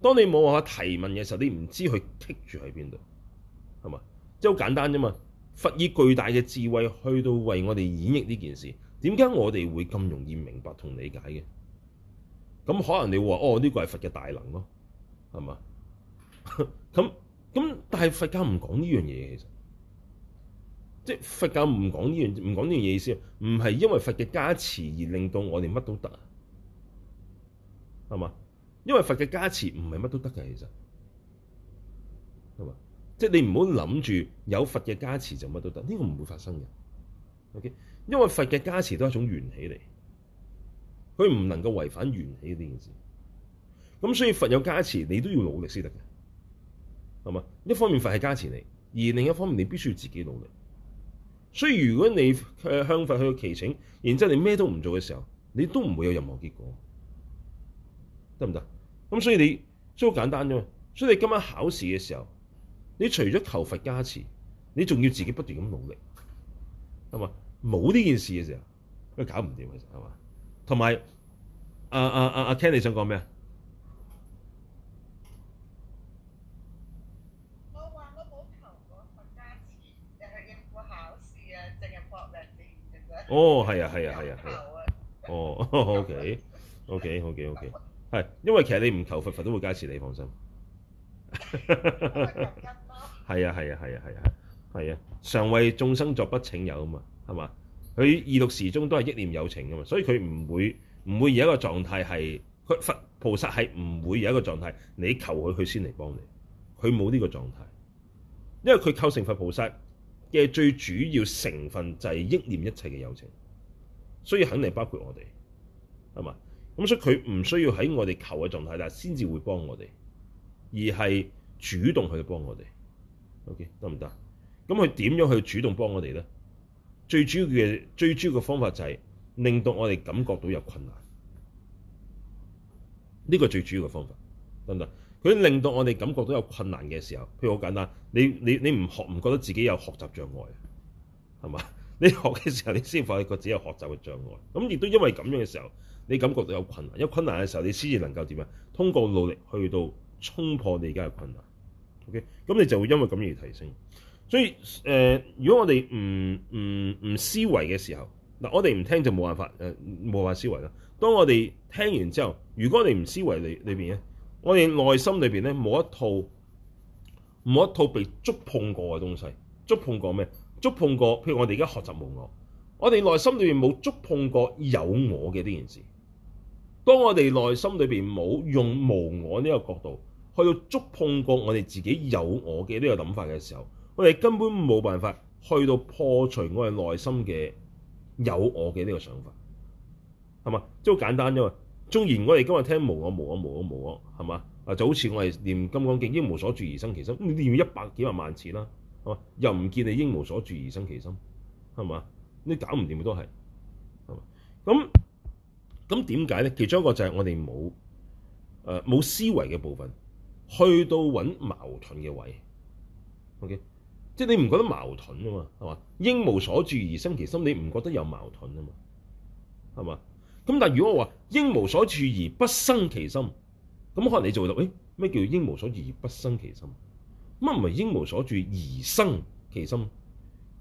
當你冇辦法提問嘅時候，你唔知佢棘住喺邊度，係嘛？即係好簡單啫嘛！佛以巨大嘅智慧去到為我哋演繹呢件事，點解我哋會咁容易明白同理解嘅？咁可能你話哦，呢個係佛嘅大能咯，係嘛？咁 [laughs] 咁，但係佛教唔講呢樣嘢，其實即係佛教唔講呢樣唔講呢樣嘢意思，唔係因為佛嘅加持而令到我哋乜都得，係嘛？因為佛嘅加持唔係乜都得嘅，其實係嘛？即係你唔好諗住有佛嘅加持就乜都得，呢個唔會發生嘅。Okay? 因為佛嘅加持都係一種緣起嚟，佢唔能夠違反緣起呢件事。咁所以佛有加持，你都要努力先得嘅，係嘛？一方面佛係加持你，而另一方面你必須要自己努力。所以如果你向佛去祈請，然之後你咩都唔做嘅時候，你都唔會有任何結果，得唔得？咁、嗯、所以你，都好簡單啫嘛。所以你今晚考試嘅時候，你除咗求佛加持，你仲要自己不斷咁努力，係嘛？冇呢件事嘅時候，都搞唔掂嘅，係嘛？同埋，阿阿阿阿 Ken，你想講咩啊？我話我冇求過佛加持，定係應付考試啊，淨係搏命練嘅啫。哦，係啊，係啊，係啊，係啊。啊 [laughs] 哦，OK，OK，OK，OK。Okay, [laughs] okay, okay, okay. 係，因為其實你唔求佛佛都會加持你，你放心。係 [laughs] 啊係啊係啊係啊係啊，常為眾生作不請友啊嘛，係嘛？佢二六時中都係憶念有情噶嘛，所以佢唔會唔會有一個狀態係，佢佛菩薩係唔會有一個狀態，你求佢佢先嚟幫你，佢冇呢個狀態，因為佢構成佛菩薩嘅最主要成分就係憶念一切嘅有情，所以肯定包括我哋，係嘛？咁所以佢唔需要喺我哋求嘅狀態，但係先至會幫我哋，而係主動去幫我哋。OK，得唔得？咁佢點樣去主動幫我哋咧？最主要嘅最主要嘅方法就係、是、令到我哋感覺到有困難，呢、這個最主要嘅方法得唔得？佢令到我哋感覺到有困難嘅時候，譬如好簡單，你你你唔學唔覺得自己有學習障礙，係嘛？你學嘅時候，你先發覺自己有學習嘅障礙。咁亦都因為咁樣嘅時候。你感覺到有困難，有困難嘅時候，你先至能夠點啊？通過努力去到衝破你而家嘅困難。O.K. 咁你就會因為咁而提升。所以誒、呃，如果我哋唔唔唔思維嘅時候，嗱，我哋唔聽就冇辦法誒，冇、呃、辦法思維啦。當我哋聽完之後，如果你唔思維，裏裏邊咧，我哋內心裏邊咧冇一套冇一套被觸碰過嘅東西。觸碰過咩？觸碰過，譬如我哋而家學習冇我，我哋內心裏邊冇觸碰過有我嘅呢件事，當我哋內心裏邊冇用無我呢個角度去到觸碰過我哋自己有我嘅呢個諗法嘅時候，我哋根本冇辦法去到破除我哋內心嘅有我嘅呢個想法，係嘛？即係好簡單啫嘛。縱然我哋今日聽無我無我無我無我，係嘛？啊就好似我哋念金剛經，應無所住而生其心，你、嗯、念一百幾萬萬次啦，係嘛？又唔見你應無所住而生其心，係嘛？你搞唔掂都係，係嘛？咁。咁點解咧？其中一個就係我哋冇誒冇思維嘅部分，去到揾矛盾嘅位，OK，即係你唔覺得矛盾啊嘛，係嘛？應無所住而生其心，你唔覺得有矛盾啊嘛，係嘛？咁但係如果我話應無所住而不生其心，咁可能你就會覺得，喂、哎，咩叫應無所住而不生其心？乜唔係應無所住而生其心？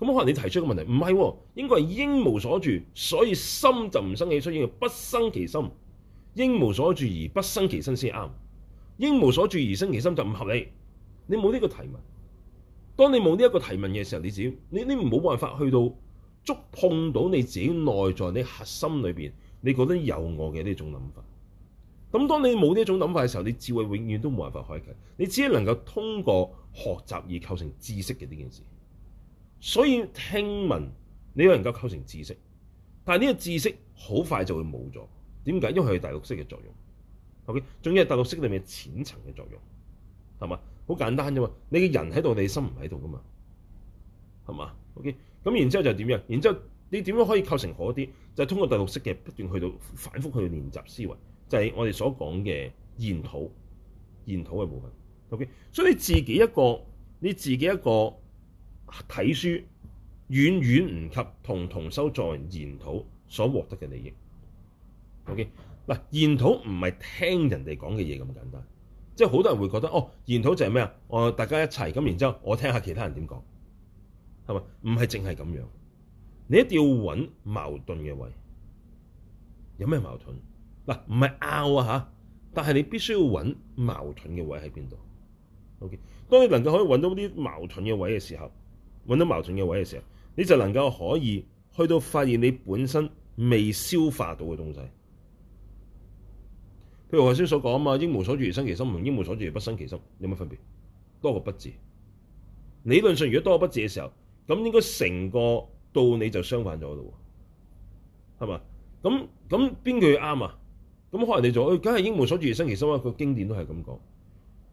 咁可能你提出嘅問題唔係，應該係應無所住，所以心就唔生起出，應該不生其心，應無所住而不生其心先啱。應無所住而生其心就唔合理。你冇呢個提問，當你冇呢一個提問嘅時候，你自己你你冇辦法去到觸碰到你自己內在你核心裏邊你覺得你有我嘅呢種諗法。咁當你冇呢種諗法嘅時候，你智慧永遠都冇辦法開啟。你只能夠通過學習而構成知識嘅呢件事。所以聽聞你有能夠構成知識，但係呢個知識好快就會冇咗。點解？因為佢係大陸式嘅作用。O.K. 仲有大陸式裡面淺層嘅作用，係嘛？好簡單啫嘛。你嘅人喺度，你心唔喺度噶嘛？係嘛？O.K. 咁然之後就點樣？然之後你點樣可以構成好啲？就係、是、通過大陸式嘅不斷去到反覆去練習思維，就係、是、我哋所講嘅研討、研討嘅部分。O.K. 所以自己一個，你自己一個。睇書遠遠唔及同同修在為研討所獲得嘅利益。OK 嗱，研討唔係聽人哋講嘅嘢咁簡單，即係好多人會覺得哦，研討就係咩啊？哦、呃，大家一齊咁，然之後我聽下其他人點講，係咪？唔係淨係咁樣，你一定要揾矛盾嘅位。有咩矛盾？嗱、啊，唔係拗啊吓，但係你必須要揾矛盾嘅位喺邊度？OK，當你能夠可以揾到啲矛盾嘅位嘅時候。揾到矛盾嘅位嘅時候，你就能夠可以去到發現你本身未消化到嘅東西。譬如我頭先所講啊嘛，應無所住而生其心同應無所住而不生其心有乜分別？多個不字。理論上如果多個不字嘅時候，咁應該成個道理就相反咗咯，係嘛？咁咁邊句啱啊？咁可能你做，佢梗係應無所住而生其心啦、啊。那個經典都係咁講。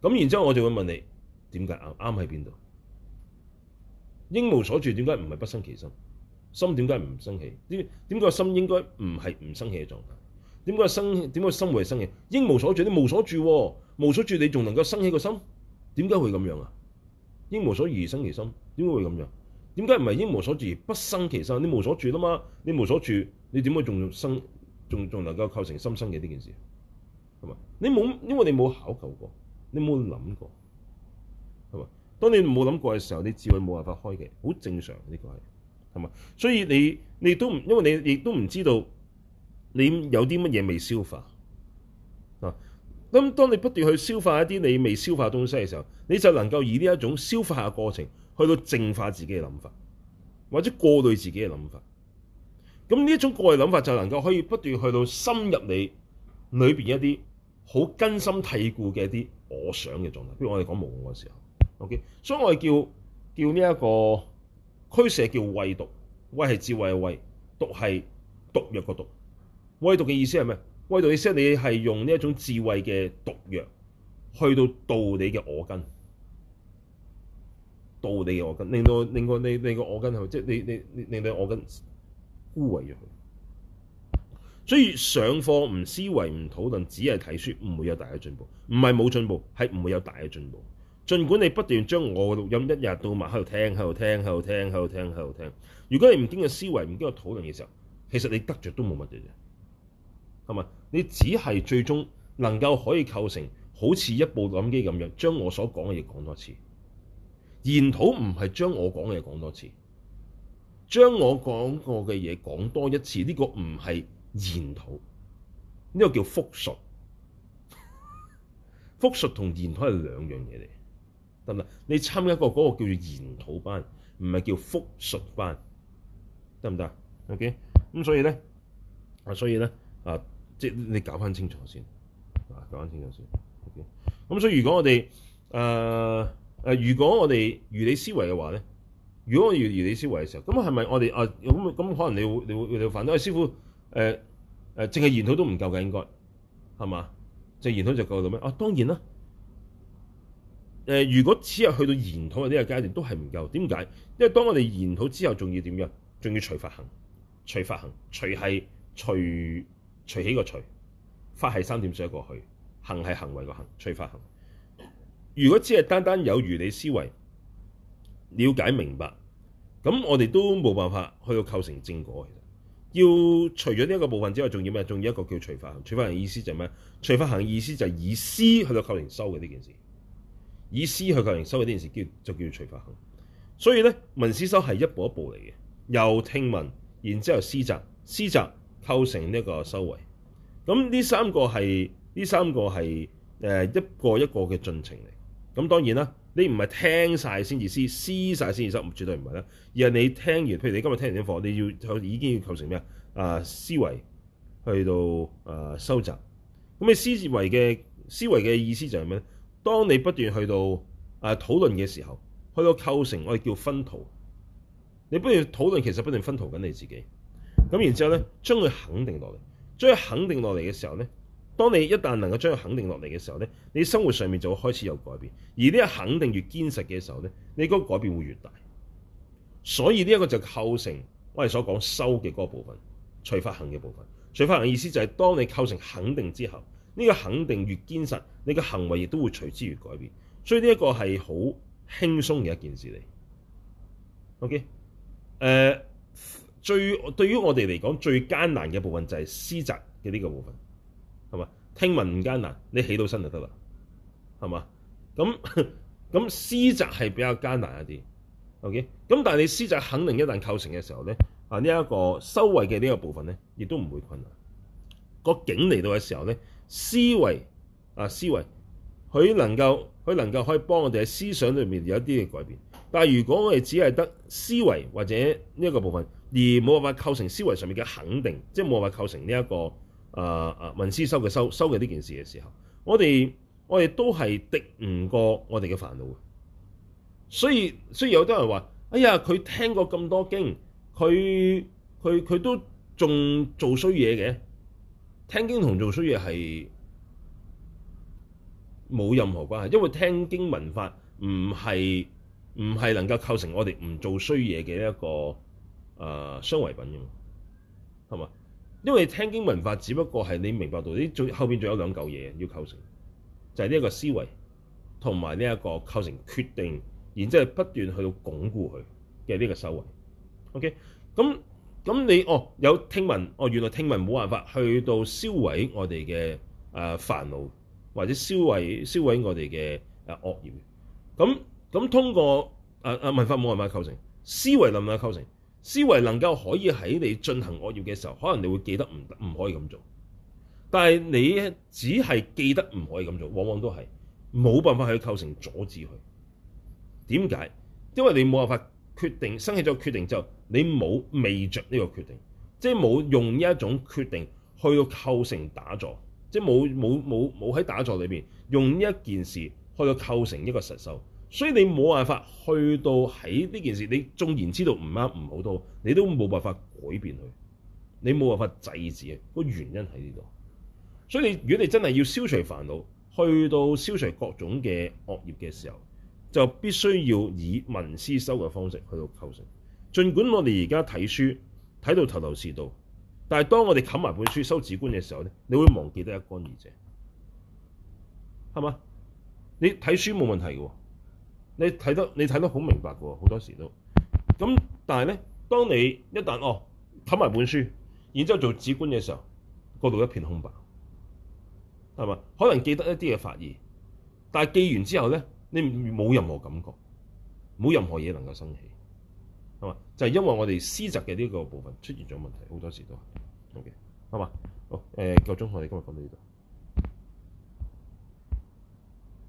咁然之後我就會問你，點解啱？啱喺邊度？應無所住，點解唔係不生其心？心點解唔生氣？點點解個心應該唔係唔生氣嘅狀態？點解生？點解心會生氣？應無所住，你無所住、啊，無所住你仲能夠生起個心？點解會咁樣啊？應無所住而生其心，點解會咁樣？點解唔係應無所住而不生其心？你無所住啦、啊、嘛，你無所住，你點解仲生？仲仲能夠構成心生嘅呢件事？係嘛？你冇，因為你冇考究過，你冇諗過，係嘛？當你冇諗過嘅時候，你智慧冇辦法開嘅，好正常呢個係，係嘛？所以你你都唔，因為你亦都唔知道你有啲乜嘢未消化啊。咁當你不斷去消化一啲你未消化嘅東西嘅時候，你就能夠以呢一種消化嘅過程去到淨化自己嘅諗法，或者過濾自己嘅諗法。咁呢一種過濾諗法，就能夠可以不斷去到深入你裏邊一啲好根深蒂固嘅一啲我想嘅狀態。不如我哋講無我嘅時候。OK，所以我哋叫叫呢、這、一個驅舍叫慧毒，慧係智慧，慧毒係毒藥個毒。慧毒嘅意思係咩？慧毒意思係你係用呢一種智慧嘅毒藥，去到倒你嘅我根，倒你嘅我根，令到令個你令個我根係咪？即係你你，你令到我根枯萎咗。所以上課唔思維唔討論，只係睇書，唔會有大嘅進步。唔係冇進步，係唔會有大嘅進步。盡管你不斷將我嘅錄音一日到晚喺度聽，喺度聽，喺度聽，喺度聽，喺度聽。如果你唔經嘅思維，唔經過討論嘅時候，其實你得着都冇乜嘢啫，係咪？你只係最終能夠可以構成好似一部錄音機咁樣，將我所講嘅嘢講多次。研討唔係將我講嘅嘢講多次，將我講過嘅嘢講多一次，呢個唔係研討，呢個叫復述。復述同研討係兩樣嘢嚟。你參加過嗰個叫做研討班，唔係叫復述班，得唔得？OK，咁所以咧啊，所以咧啊，即係你搞翻清楚先，啊，搞翻清楚先。OK，咁、嗯、所以如果我哋誒誒，如果我哋如理思維嘅話咧，如果我如如理思維嘅時候，咁係咪我哋啊咁咁可能你會你會反對？師傅誒誒，淨、呃、係、呃、研討都唔夠嘅應該係嘛？即係研討就夠到咩？啊，當然啦。誒，如果只係去到研討嘅呢個階段都係唔夠，點解？因為當我哋研討之後，仲要點樣？仲要隨法行、隨法行、隨係隨，隨，起個隨，法係三點水一個去，行係行為個行，隨法行。如果只係單單有如理思維了解明白，咁我哋都冇辦法去到構成正果。其實要除咗呢一個部分之外，仲要咩？仲要一個叫隨法行。隨法行意思就咩？隨法行意思就係以思去到構成修嘅呢件事。以思去構成修為呢件事，叫就叫做隨法行。所以咧，聞思修係一步一步嚟嘅，又聽聞，然之後思習，思習構成呢個修為。咁呢三個係呢三個係誒、呃、一個一個嘅進程嚟。咁當然啦，你唔係聽晒先至思，思晒先至修，唔，絕對唔係啦。而係你聽完，譬如你今日聽完啲課，你要已經要構成咩啊？啊、呃、思維去到啊修習。咁、呃、你思思維嘅思維嘅意思就係咩咧？當你不斷去到誒、啊、討論嘅時候，去到構成我哋叫熏陶，你不斷討論其實不斷熏陶緊你自己。咁然之後咧，將佢肯定落嚟，將佢肯定落嚟嘅時候咧，當你一旦能夠將佢肯定落嚟嘅時候咧，你生活上面就會開始有改變。而呢一肯定越堅實嘅時候咧，你嗰個改變會越大。所以呢一個就構成我哋所講修嘅嗰部分，隨法行嘅部分。隨法行嘅意思就係當你構成肯定之後。呢個肯定越堅實，你嘅行為亦都會隨之而改變。所以呢一個係好輕鬆嘅一件事嚟。OK，誒、呃、最對於我哋嚟講最艱難嘅部分就係思擇嘅呢個部分，係嘛？聽聞唔艱難，你起到身就得啦，係嘛？咁咁 [laughs] 思擇係比較艱難一啲。OK，咁但係你思擇肯定一旦構成嘅時候咧，啊呢一、這個修慧嘅呢個部分咧，亦都唔會困難。那個境嚟到嘅時候咧。思維啊，思維，佢能夠佢能夠可以幫我哋喺思想裏面有一啲嘅改變，但係如果我哋只係得思維或者呢一個部分，而冇辦法構成思維上面嘅肯定，即係冇辦法構成呢一個啊啊聞思修嘅修修嘅呢件事嘅時候，我哋我哋都係敵唔過我哋嘅煩惱。所以所以有啲人話：哎呀，佢聽過咁多經，佢佢佢都仲做衰嘢嘅。聽經同做衰嘢係冇任何關係，因為聽經聞法唔係唔係能夠構成我哋唔做衰嘢嘅一個誒相違品嘅嘛，係嘛？因為聽經聞法只不過係你明白到啲，仲後邊仲有兩嚿嘢要構成，就係呢一個思維同埋呢一個構成決定，然之後不斷去到鞏固佢嘅呢個修慧。OK，咁、嗯。咁你哦，有聽聞，哦，原來聽聞冇辦法去到消毀我哋嘅誒煩惱，或者消毀消毀我哋嘅誒惡業。咁、嗯、咁、嗯、通過誒誒、呃、文法冇辦法構成，思維能唔能夠構成？思維能夠可以喺你進行惡業嘅時候，可能你會記得唔得，唔可以咁做。但係你只係記得唔可以咁做，往往都係冇辦法去構成阻止佢。點解？因為你冇辦法。決定生起咗決定之後，你冇未着呢個決定，即係冇用呢一種決定去到構成打坐，即係冇冇冇冇喺打坐裏邊用呢一件事去到構成一個實修，所以你冇辦法去到喺呢件事，你縱然知道唔啱唔好都，你都冇辦法改變佢，你冇辦法制止嘅個原因喺呢度。所以你如果你真係要消除煩惱，去到消除各種嘅惡業嘅時候，就必須要以聞思修嘅方式去到構成。儘管我哋而家睇書睇到頭頭是道，但係當我哋冚埋本書修止觀嘅時候咧，你會忘記得一乾二淨，係嘛？你睇書冇問題嘅，你睇得你睇得好明白嘅喎，好多時都。咁但係咧，當你一旦哦冚埋本書，然之後做止觀嘅時候，嗰度一片空白，係嘛？可能記得一啲嘅法義，但係記完之後咧。你冇任何感覺，冇任何嘢能夠生起，係嘛？就係、是、因為我哋思惟嘅呢個部分出現咗問題，好多時候都係。OK，好嘛？好誒，夠、呃、鐘，我哋今日講到呢度。